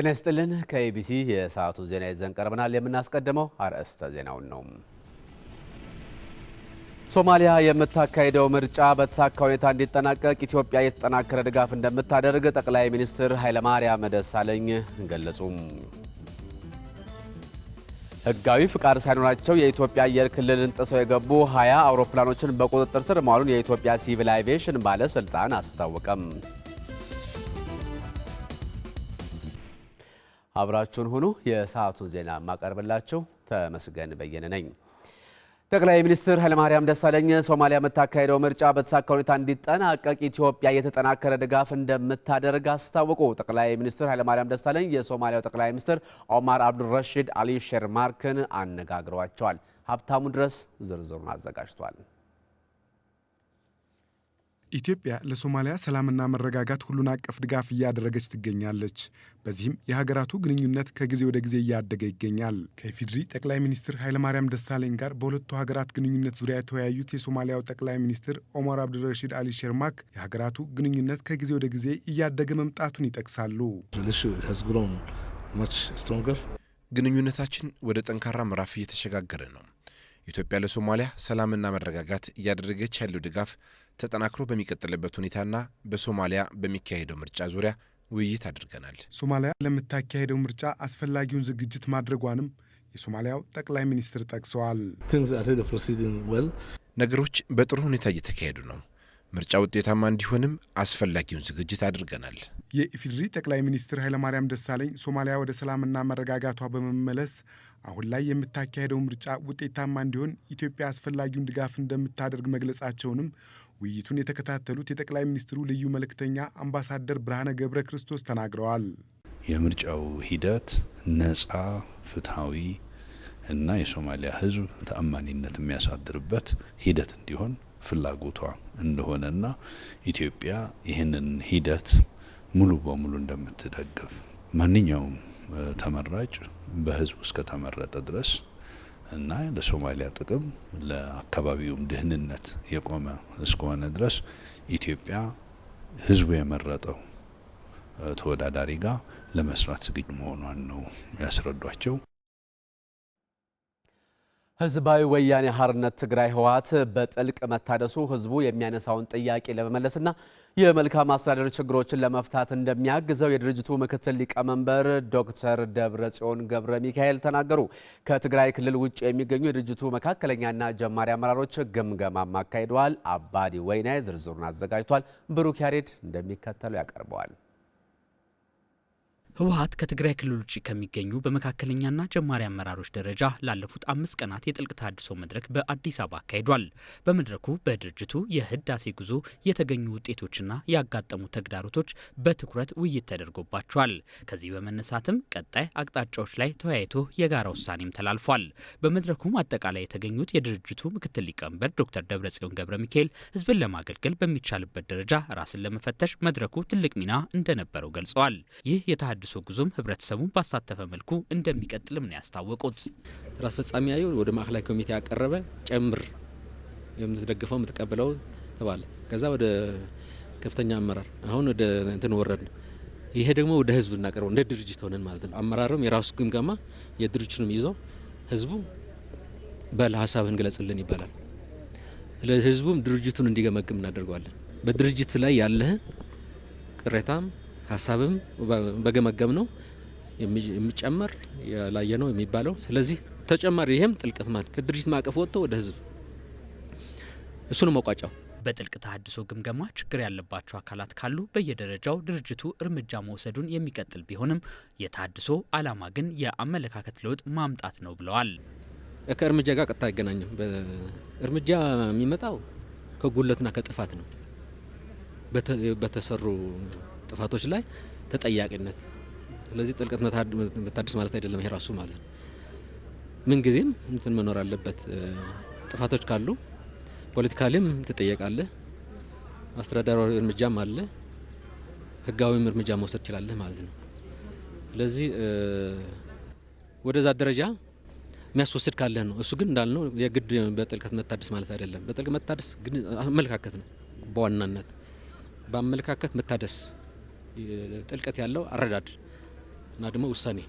ጤና ይስጥልን። ከኢቢሲ የሰዓቱ ዜና ይዘን ቀርበናል። የምናስቀድመው አርዕስተ ዜናውን ነው። ሶማሊያ የምታካሄደው ምርጫ በተሳካ ሁኔታ እንዲጠናቀቅ ኢትዮጵያ የተጠናከረ ድጋፍ እንደምታደርግ ጠቅላይ ሚኒስትር ኃይለማርያም ደሳለኝ ገለጹም። ሕጋዊ ፍቃድ ሳይኖራቸው የኢትዮጵያ አየር ክልልን ጥሰው የገቡ 20 አውሮፕላኖችን በቁጥጥር ስር መዋሉን የኢትዮጵያ ሲቪል አቪዬሽን ባለስልጣን አስታወቀም። አብራችሁን ሁኑ። የሰዓቱን ዜና የማቀርብላችሁ ተመስገን በየነ ነኝ። ጠቅላይ ሚኒስትር ኃይለማርያም ደሳለኝ ሶማሊያ የምታካሄደው ምርጫ በተሳካ ሁኔታ እንዲጠናቀቅ ኢትዮጵያ የተጠናከረ ድጋፍ እንደምታደርግ አስታወቁ። ጠቅላይ ሚኒስትር ኃይለማርያም ደሳለኝ የሶማሊያው ጠቅላይ ሚኒስትር ኦማር አብዱልረሺድ አሊ ሼርማርክን አነጋግረዋቸዋል። ሀብታሙ ድረስ ዝርዝሩን አዘጋጅቷል። ኢትዮጵያ ለሶማሊያ ሰላምና መረጋጋት ሁሉን አቀፍ ድጋፍ እያደረገች ትገኛለች። በዚህም የሀገራቱ ግንኙነት ከጊዜ ወደ ጊዜ እያደገ ይገኛል። ከኢፌዴሪ ጠቅላይ ሚኒስትር ኃይለማርያም ደሳለኝ ጋር በሁለቱ ሀገራት ግንኙነት ዙሪያ የተወያዩት የሶማሊያው ጠቅላይ ሚኒስትር ኦማር አብዱልረሺድ አሊ ሼርማክ የሀገራቱ ግንኙነት ከጊዜ ወደ ጊዜ እያደገ መምጣቱን ይጠቅሳሉ። ግንኙነታችን ወደ ጠንካራ ምዕራፍ እየተሸጋገረ ነው። ኢትዮጵያ ለሶማሊያ ሰላምና መረጋጋት እያደረገች ያለው ድጋፍ ተጠናክሮ በሚቀጥልበት ሁኔታና በሶማሊያ በሚካሄደው ምርጫ ዙሪያ ውይይት አድርገናል። ሶማሊያ ለምታካሄደው ምርጫ አስፈላጊውን ዝግጅት ማድረጓንም የሶማሊያው ጠቅላይ ሚኒስትር ጠቅሰዋል። ነገሮች በጥሩ ሁኔታ እየተካሄዱ ነው። ምርጫ ውጤታማ እንዲሆንም አስፈላጊውን ዝግጅት አድርገናል። የኢፌዴሪ ጠቅላይ ሚኒስትር ኃይለማርያም ደሳለኝ ሶማሊያ ወደ ሰላምና መረጋጋቷ በመመለስ አሁን ላይ የምታካሄደው ምርጫ ውጤታማ እንዲሆን ኢትዮጵያ አስፈላጊውን ድጋፍ እንደምታደርግ መግለጻቸውንም ውይይቱን የተከታተሉት የጠቅላይ ሚኒስትሩ ልዩ መልእክተኛ አምባሳደር ብርሃነ ገብረ ክርስቶስ ተናግረዋል። የምርጫው ሂደት ነጻ፣ ፍትሐዊ እና የሶማሊያ ሕዝብ ተአማኒነት የሚያሳድርበት ሂደት እንዲሆን ፍላጎቷ እንደሆነና ኢትዮጵያ ይህንን ሂደት ሙሉ በሙሉ እንደምትደግፍ ማንኛውም ተመራጭ በህዝብ እስከተመረጠ ድረስ እና ለሶማሊያ ጥቅም ለአካባቢውም ደህንነት የቆመ እስከሆነ ድረስ ኢትዮጵያ ህዝቡ የመረጠው ተወዳዳሪ ጋር ለመስራት ዝግጁ መሆኗን ነው ያስረዷቸው። ህዝባዊ ወያኔ ሓርነት ትግራይ ህወሓት በጥልቅ መታደሱ ህዝቡ የሚያነሳውን ጥያቄ ለመመለስና የመልካም አስተዳደር ችግሮችን ለመፍታት እንደሚያግዘው የድርጅቱ ምክትል ሊቀመንበር ዶክተር ደብረ ጽዮን ገብረ ሚካኤል ተናገሩ። ከትግራይ ክልል ውጭ የሚገኙ የድርጅቱ መካከለኛና ጀማሪ አመራሮች ግምገማም አካሂደዋል። አባዲ ወይናይ ዝርዝሩን አዘጋጅቷል። ብሩክ ያሬድ እንደሚከተሉ ያቀርበዋል። ህወሀት ከትግራይ ክልል ውጭ ከሚገኙ በመካከለኛና ጀማሪ አመራሮች ደረጃ ላለፉት አምስት ቀናት የጥልቅ ተሃድሶ መድረክ በአዲስ አበባ አካሂዷል። በመድረኩ በድርጅቱ የህዳሴ ጉዞ የተገኙ ውጤቶችና ያጋጠሙ ተግዳሮቶች በትኩረት ውይይት ተደርጎባቸዋል። ከዚህ በመነሳትም ቀጣይ አቅጣጫዎች ላይ ተወያይቶ የጋራ ውሳኔም ተላልፏል። በመድረኩም አጠቃላይ የተገኙት የድርጅቱ ምክትል ሊቀመንበር ዶክተር ደብረጽዮን ገብረ ሚካኤል ህዝብን ለማገልገል በሚቻልበት ደረጃ ራስን ለመፈተሽ መድረኩ ትልቅ ሚና እንደነበረው ገልጸዋል። ይህ የአድሶ ጉዞም ህብረተሰቡን ባሳተፈ መልኩ እንደሚቀጥልም ነው ያስታወቁት። ስራ አስፈጻሚ ያየው ወደ ማዕከላዊ ኮሚቴ ያቀረበ ጨምር የምትደግፈው የምትቀበለው ተባለ። ከዛ ወደ ከፍተኛ አመራር አሁን ወደ እንትን ወረድ ይሄ ደግሞ ወደ ህዝብ እናቀርበው እንደ ድርጅት ሆነን ማለት ነው። አመራርም የራሱ ግምገማ የድርጅቱንም ይዞ ህዝቡ በል ሀሳብህን ግለጽልን ይባላል። ለህዝቡም ድርጅቱን እንዲገመግም እናደርገዋለን። በድርጅት ላይ ያለህን ቅሬታም ሀሳብም በገመገም ነው የሚጨመር ላየ ነው የሚባለው። ስለዚህ ተጨማሪ ይህም ጥልቀት ማለት ከድርጅት ማዕቀፍ ወጥቶ ወደ ህዝብ እሱን መቋጫው በጥልቅ ተሀድሶ ግምገማ ችግር ያለባቸው አካላት ካሉ በየደረጃው ድርጅቱ እርምጃ መውሰዱን የሚቀጥል ቢሆንም የተሀድሶ አላማ ግን የአመለካከት ለውጥ ማምጣት ነው ብለዋል። ከእርምጃ ጋር ቀጥታ አይገናኝም። እርምጃ የሚመጣው ከጉለትና ከጥፋት ነው በተሰሩ ጥፋቶች ላይ ተጠያቂነት። ስለዚህ ጥልቀት መታደስ ማለት አይደለም ይሄ ራሱ ማለት ነው። ምንጊዜም እንትን መኖር አለበት። ጥፋቶች ካሉ ፖለቲካሊም ትጠየቃለህ፣ አስተዳደራዊ እርምጃም አለ፣ ህጋዊም እርምጃ መውሰድ ትችላለህ ማለት ነው። ስለዚህ ወደዛ ደረጃ የሚያስወስድ ካለህ ነው። እሱ ግን እንዳልነው የግድ በጥልቀት መታደስ ማለት አይደለም። በጥልቀት መታደስ ግን አመለካከት ነው በዋናነት በአመለካከት መታደስ ጥልቀት ያለው አረዳድ እና ደግሞ ውሳኔ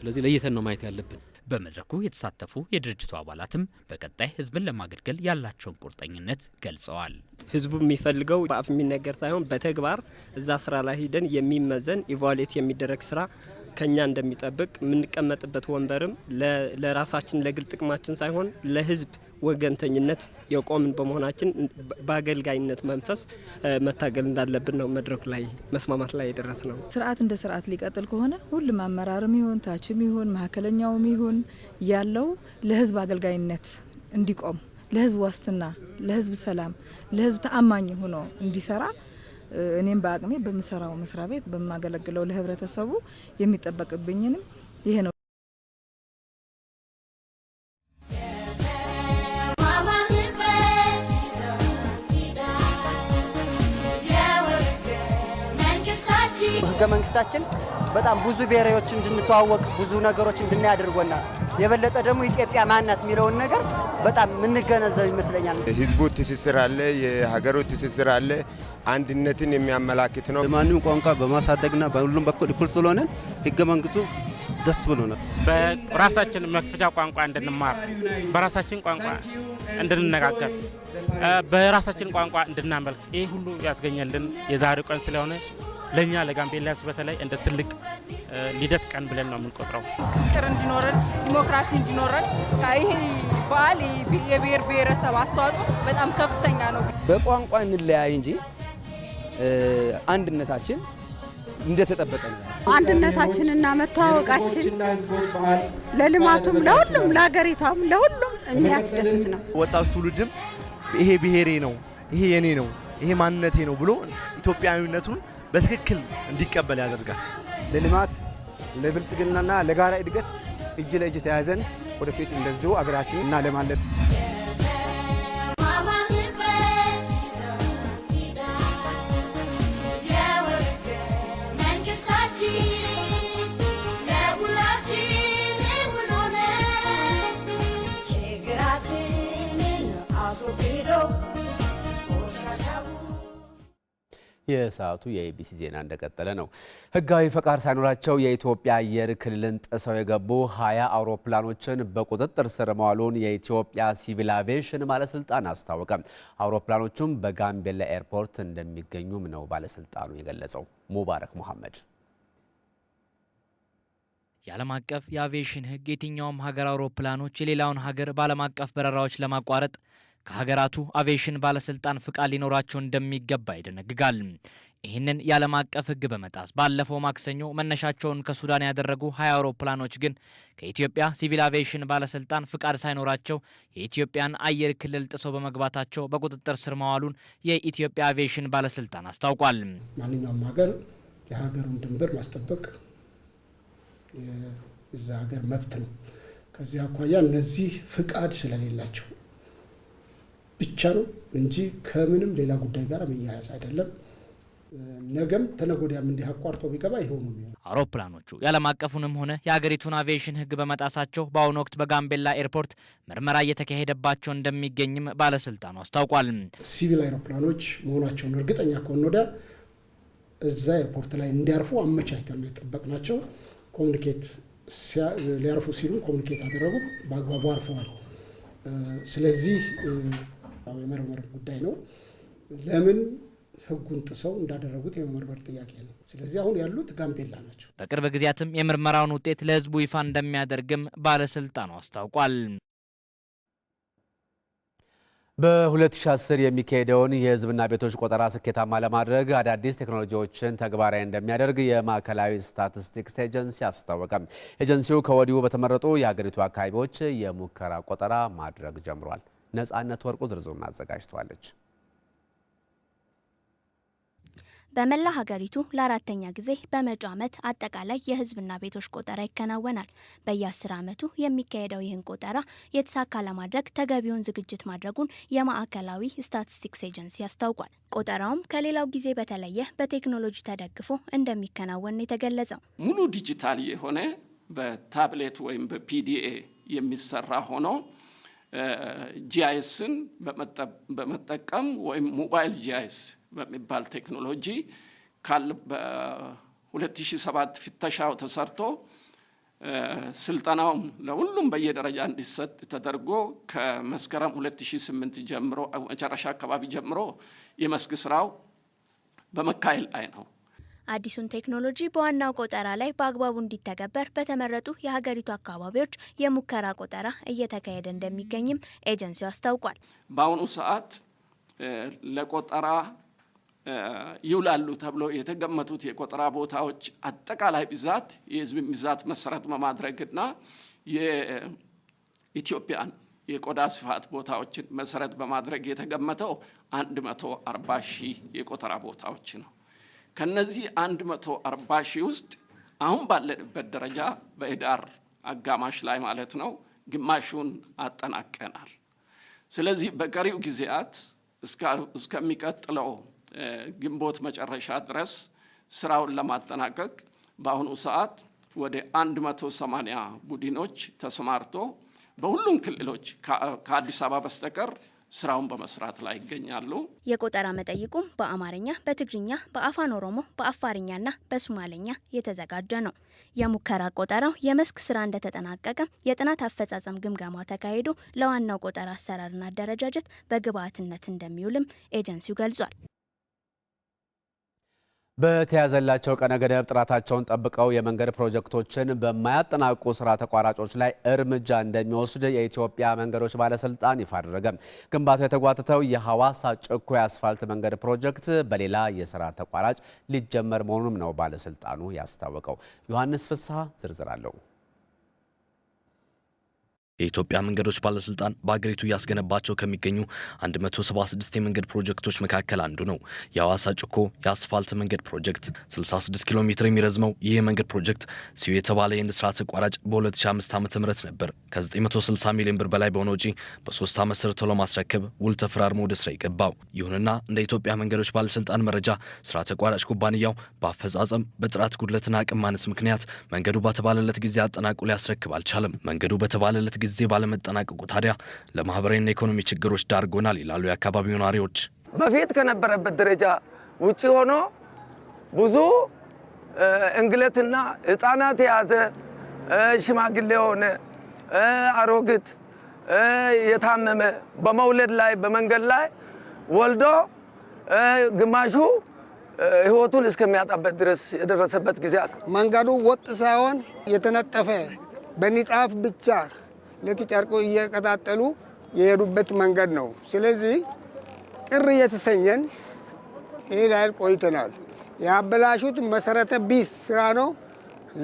ስለዚህ ለይተን ነው ማየት ያለብን። በመድረኩ የተሳተፉ የድርጅቱ አባላትም በቀጣይ ህዝብን ለማገልገል ያላቸውን ቁርጠኝነት ገልጸዋል። ህዝቡ የሚፈልገው በአፍ የሚነገር ሳይሆን በተግባር እዛ ስራ ላይ ሂደን የሚመዘን ኢቫሌት የሚደረግ ስራ ከኛ እንደሚጠብቅ የምንቀመጥበት ወንበርም ለራሳችን ለግል ጥቅማችን ሳይሆን ለህዝብ ወገንተኝነት የቆምን በመሆናችን በአገልጋይነት መንፈስ መታገል እንዳለብን ነው መድረኩ ላይ መስማማት ላይ የደረስ ነው። ስርዓት እንደ ስርዓት ሊቀጥል ከሆነ ሁሉም አመራርም ይሁን ታችም ይሁን መካከለኛውም ይሁን ያለው ለህዝብ አገልጋይነት እንዲቆም ለህዝብ ዋስትና፣ ለህዝብ ሰላም፣ ለህዝብ ተአማኝ ሆኖ እንዲሰራ እኔም በአቅሜ በምሰራው መስሪያ ቤት በማገለግለው ለህብረተሰቡ የሚጠበቅብኝንም ይሄ ነው። ህገ መንግስታችን በጣም ብዙ ብሔሮች እንድንተዋወቅ ብዙ ነገሮች እንድናይ የበለጠ ደግሞ ኢትዮጵያ ማናት የሚለውን ነገር በጣም የምንገነዘብ ይመስለኛል። ህዝቡ ትስስር አለ፣ የሀገሩ ትስስር አለ፣ አንድነትን የሚያመላክት ነው። ማንም ቋንቋ በማሳደግና በሁሉም በኩል እኩል ስለሆነ ህገ መንግስቱ ደስ ነው። በራሳችን መክፈቻ ቋንቋ እንድንማር፣ በራሳችን ቋንቋ እንድንነጋገር፣ በራሳችን ቋንቋ እንድናመልክ ይህ ሁሉ ያስገኘልን የዛሬው ቀን ስለሆነ ለእኛ ለጋምቤላ ሕዝብ በተለይ እንደ ትልቅ ልደት ቀን ብለን ነው የምንቆጥረው። ፍቅር እንዲኖረን፣ ዲሞክራሲ እንዲኖረን ይህ በዓል የብሔር ብሔረሰብ አስተዋጽኦ በጣም ከፍተኛ ነው። በቋንቋ እንለያይ እንጂ አንድነታችን እንደተጠበቀ ነው። አንድነታችንና መተዋወቃችን ለልማቱም፣ ለሁሉም፣ ለሀገሪቷም፣ ለሁሉም የሚያስደስት ነው። ወጣቱ ትውልድም ይሄ ብሔሬ ነው፣ ይሄ የኔ ነው፣ ይሄ ማንነቴ ነው ብሎ ኢትዮጵያዊነቱን በትክክል እንዲቀበል ያደርጋል። ለልማት ለብልጽግናና ለጋራ እድገት እጅ ለእጅ ተያዘን ወደፊት እንደዚሁ አገራችን እናለማለን። የሰዓቱ የኢቢሲ ዜና እንደቀጠለ ነው። ህጋዊ ፈቃድ ሳይኖራቸው የኢትዮጵያ አየር ክልልን ጥሰው የገቡ ሀያ አውሮፕላኖችን በቁጥጥር ስር መዋሉን የኢትዮጵያ ሲቪል አቪዬሽን ባለስልጣን አስታወቀ። አውሮፕላኖቹም በጋምቤላ ኤርፖርት እንደሚገኙም ነው ባለስልጣኑ የገለጸው። ሙባረክ መሐመድ የዓለም አቀፍ የአቪዬሽን ህግ የትኛውም ሀገር አውሮፕላኖች የሌላውን ሀገር በዓለም አቀፍ በረራዎች ለማቋረጥ ከሀገራቱ አቪዬሽን ባለስልጣን ፍቃድ ሊኖራቸው እንደሚገባ ይደነግጋል። ይህንን የዓለም አቀፍ ሕግ በመጣስ ባለፈው ማክሰኞ መነሻቸውን ከሱዳን ያደረጉ ሀያ አውሮፕላኖች ግን ከኢትዮጵያ ሲቪል አቪዬሽን ባለስልጣን ፍቃድ ሳይኖራቸው የኢትዮጵያን አየር ክልል ጥሰው በመግባታቸው በቁጥጥር ስር መዋሉን የኢትዮጵያ አቪዬሽን ባለስልጣን አስታውቋል። ማንኛውም ሀገር የሀገሩን ድንበር ማስጠበቅ የዛ ሀገር መብት ነው። ከዚህ አኳያ እነዚህ ፍቃድ ስለሌላቸው ብቻ ነው እንጂ ከምንም ሌላ ጉዳይ ጋር መያያዝ አይደለም። ነገም ተነጎዲያም እንዲህ አቋርጦ ቢገባ ይሆኑ አውሮፕላኖቹ የዓለም አቀፉንም ሆነ የሀገሪቱን አቪዬሽን ሕግ በመጣሳቸው በአሁኑ ወቅት በጋምቤላ ኤርፖርት ምርመራ እየተካሄደባቸው እንደሚገኝም ባለስልጣኑ አስታውቋል። ሲቪል አውሮፕላኖች መሆናቸውን እርግጠኛ ከሆን ወዲያ እዛ ኤርፖርት ላይ እንዲያርፉ አመቻችተን ነው የጠበቅናቸው። ኮሚኒኬት ሊያርፉ ሲሉ ኮሚኒኬት አደረጉ፣ በአግባቡ አርፈዋል። ስለዚህ የመርመር ጉዳይ ነው። ለምን ህጉን ጥሰው እንዳደረጉት የመመርመር ጥያቄ ነው። ስለዚህ አሁን ያሉት ጋምቤላ ናቸው። በቅርብ ጊዜያትም የምርመራውን ውጤት ለህዝቡ ይፋ እንደሚያደርግም ባለስልጣኑ አስታውቋል። በ2010 የሚካሄደውን የህዝብና ቤቶች ቆጠራ ስኬታማ ለማድረግ አዳዲስ ቴክኖሎጂዎችን ተግባራዊ እንደሚያደርግ የማዕከላዊ ስታቲስቲክስ ኤጀንሲ አስታወቀ። ኤጀንሲው ከወዲሁ በተመረጡ የሀገሪቱ አካባቢዎች የሙከራ ቆጠራ ማድረግ ጀምሯል። ነጻነት ወርቁ ዝርዝሩን አዘጋጅቷለች። በመላ ሀገሪቱ ለአራተኛ ጊዜ በመጪው ዓመት አጠቃላይ የህዝብና ቤቶች ቆጠራ ይከናወናል። በየአስር ዓመቱ የሚካሄደው ይህን ቆጠራ የተሳካ ለማድረግ ተገቢውን ዝግጅት ማድረጉን የማዕከላዊ ስታቲስቲክስ ኤጀንሲ አስታውቋል። ቆጠራውም ከሌላው ጊዜ በተለየ በቴክኖሎጂ ተደግፎ እንደሚከናወን ነው የተገለጸው። ሙሉ ዲጂታል የሆነ በታብሌት ወይም በፒዲኤ የሚሰራ ሆኖ ጂአይስን በመጠቀም ወይም ሞባይል ጂአይስ በሚባል ቴክኖሎጂ በ2007 ፍተሻው ተሰርቶ ስልጠናውም ለሁሉም በየደረጃ እንዲሰጥ ተደርጎ ከመስከረም 2008 ጀምሮ መጨረሻ አካባቢ ጀምሮ የመስክ ስራው በመካሄድ ላይ ነው። አዲሱን ቴክኖሎጂ በዋናው ቆጠራ ላይ በአግባቡ እንዲተገበር በተመረጡ የሀገሪቱ አካባቢዎች የሙከራ ቆጠራ እየተካሄደ እንደሚገኝም ኤጀንሲው አስታውቋል። በአሁኑ ሰዓት ለቆጠራ ይውላሉ ተብሎ የተገመቱት የቆጠራ ቦታዎች አጠቃላይ ብዛት የህዝብ ብዛት መሰረት በማድረግና የኢትዮጵያን የቆዳ ስፋት ቦታዎችን መሰረት በማድረግ የተገመተው 140 ሺህ የቆጠራ ቦታዎች ነው። ከነዚህ 140 ሺህ ውስጥ አሁን ባለንበት ደረጃ በህዳር አጋማሽ ላይ ማለት ነው ግማሹን አጠናቀናል። ስለዚህ በቀሪው ጊዜያት እስከሚቀጥለው ግንቦት መጨረሻ ድረስ ስራውን ለማጠናቀቅ በአሁኑ ሰዓት ወደ 180 ቡድኖች ተሰማርቶ በሁሉም ክልሎች ከአዲስ አበባ በስተቀር ስራውን በመስራት ላይ ይገኛሉ። የቆጠራ መጠይቁም በአማርኛ፣ በትግርኛ፣ በአፋን ኦሮሞ፣ በአፋርኛና በሱማሌኛ የተዘጋጀ ነው። የሙከራ ቆጠራው የመስክ ስራ እንደተጠናቀቀ የጥናት አፈጻጸም ግምገማ ተካሂዶ ለዋናው ቆጠራ አሰራርና አደረጃጀት በግብአትነት እንደሚውልም ኤጀንሲው ገልጿል። በተያዘላቸው ቀነ ገደብ ጥራታቸውን ጠብቀው የመንገድ ፕሮጀክቶችን በማያጠናቁ ስራ ተቋራጮች ላይ እርምጃ እንደሚወስድ የኢትዮጵያ መንገዶች ባለስልጣን ይፋ አደረገ። ግንባታው የተጓተተው የሐዋሳ ጭኮ የአስፋልት መንገድ ፕሮጀክት በሌላ የስራ ተቋራጭ ሊጀመር መሆኑም ነው ባለስልጣኑ ያስታወቀው። ዮሐንስ ፍስሐ ዝርዝር አለው። የኢትዮጵያ መንገዶች ባለስልጣን በአገሪቱ እያስገነባቸው ከሚገኙ 176 የመንገድ ፕሮጀክቶች መካከል አንዱ ነው። የአዋሳ ጭኮ የአስፋልት መንገድ ፕሮጀክት 66 ኪሎ ሜትር የሚረዝመው ይህ የመንገድ ፕሮጀክት ሲዩ የተባለ የንግድ ስራ ተቋራጭ በ2005 ዓ ም ነበር ከ960 ሚሊዮን ብር በላይ በሆነ ውጪ በሶስት ዓመት ሰርቶ ለማስረከብ ውል ተፈራርሞ ወደ ስራ ይገባው። ይሁንና እንደ ኢትዮጵያ መንገዶች ባለስልጣን መረጃ ስራ ተቋራጭ ኩባንያው በአፈጻጸም በጥራት ጉድለትና አቅም ማነስ ምክንያት መንገዱ በተባለለት ጊዜ አጠናቁ ሊያስረክብ አልቻለም። መንገዱ በተባለለት ጊዜ ጊዜ ባለመጠናቀቁ ታዲያ ለማህበራዊና ኢኮኖሚ ችግሮች ዳርጎናል ይላሉ የአካባቢው ነዋሪዎች። በፊት ከነበረበት ደረጃ ውጭ ሆኖ ብዙ እንግለትና ህፃናት የያዘ ሽማግሌ የሆነ አሮግት የታመመ በመውለድ ላይ በመንገድ ላይ ወልዶ ግማሹ ህይወቱን እስከሚያጣበት ድረስ የደረሰበት ጊዜ አለ። መንገዱ ወጥ ሳይሆን የተነጠፈ በንጣፍ ብቻ ልክ ጨርቁ እየቀጣጠሉ የሄዱበት መንገድ ነው። ስለዚህ ቅር እየተሰኘን ይህ ላይል ቆይተናል። የአበላሹት መሰረተ ቢስ ስራ ነው።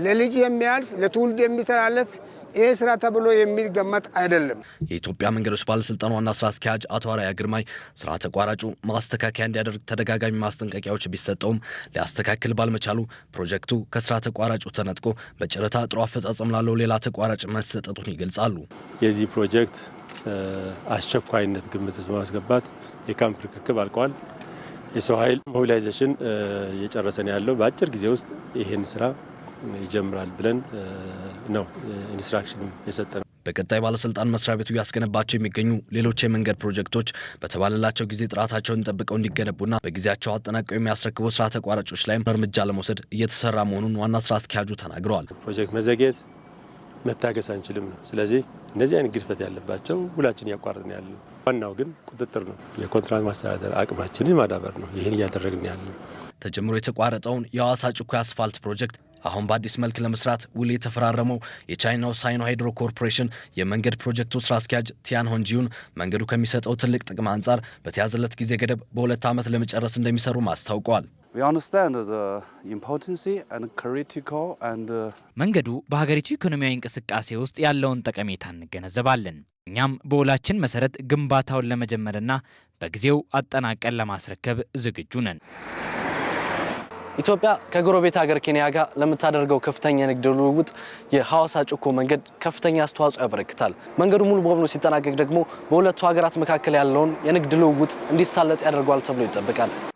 ለልጅ የሚያልፍ ለትውልድ የሚተላለፍ ይህ ስራ ተብሎ የሚገመት አይደለም። የኢትዮጵያ መንገዶች ባለስልጣን ዋና ስራ አስኪያጅ አቶ አራያ ግርማይ ስራ ተቋራጩ ማስተካከያ እንዲያደርግ ተደጋጋሚ ማስጠንቀቂያዎች ቢሰጠውም ሊያስተካክል ባልመቻሉ ፕሮጀክቱ ከስራ ተቋራጩ ተነጥቆ በጨረታ ጥሩ አፈጻጸም ላለው ሌላ ተቋራጭ መሰጠቱን ይገልጻሉ። የዚህ ፕሮጀክት አስቸኳይነት ግምት በማስገባት የካምፕ ርክክብ አልቀዋል። የሰው ኃይል ሞቢላይዜሽን እየጨረሰን ያለው በአጭር ጊዜ ውስጥ ይህን ስራ ይጀምራል ብለን ነው ኢንስትራክሽን ነው። በቀጣይ ባለስልጣን መስሪያ ቤቱ እያስገነባቸው የሚገኙ ሌሎች የመንገድ ፕሮጀክቶች በተባለላቸው ጊዜ ጥራታቸውን ጠብቀው እንዲገነቡና በጊዜያቸው አጠናቀው የሚያስረክቡ ስራ ተቋራጮች ላይም እርምጃ ለመውሰድ እየተሰራ መሆኑን ዋና ስራ አስኪያጁ ተናግረዋል። ፕሮጀክት መዘግየት መታገስ አንችልም ነው። ስለዚህ እነዚህ አይነት ግድፈት ያለባቸው ሁላችን እያቋረጥን ያለ ዋናው ግን ቁጥጥር ነው። የኮንትራት ማስተዳደር አቅማችንን ማዳበር ነው። ይህን እያደረግን ያለ ተጀምሮ የተቋረጠውን የሐዋሳ ጭኮ አስፋልት ፕሮጀክት አሁን በአዲስ መልክ ለመስራት ውል የተፈራረመው የቻይናው ሳይኖ ሃይድሮ ኮርፖሬሽን የመንገድ ፕሮጀክቱ ስራ አስኪያጅ ቲያን ሆንጂውን መንገዱ ከሚሰጠው ትልቅ ጥቅም አንጻር በተያዘለት ጊዜ ገደብ በሁለት ዓመት ለመጨረስ እንደሚሰሩም አስታውቀዋል። uh, መንገዱ በሀገሪቱ ኢኮኖሚያዊ እንቅስቃሴ ውስጥ ያለውን ጠቀሜታ እንገነዘባለን። እኛም በውላችን መሰረት ግንባታውን ለመጀመርና በጊዜው አጠናቀን ለማስረከብ ዝግጁ ነን። ኢትዮጵያ ከጎረቤት ሀገር ኬንያ ጋር ለምታደርገው ከፍተኛ የንግድ ልውውጥ የሐዋሳ ጭኮ መንገድ ከፍተኛ አስተዋጽኦ ያበረክታል። መንገዱ ሙሉ በሙሉ ሲጠናቀቅ ደግሞ በሁለቱ ሀገራት መካከል ያለውን የንግድ ልውውጥ እንዲሳለጥ ያደርገዋል ተብሎ ይጠበቃል።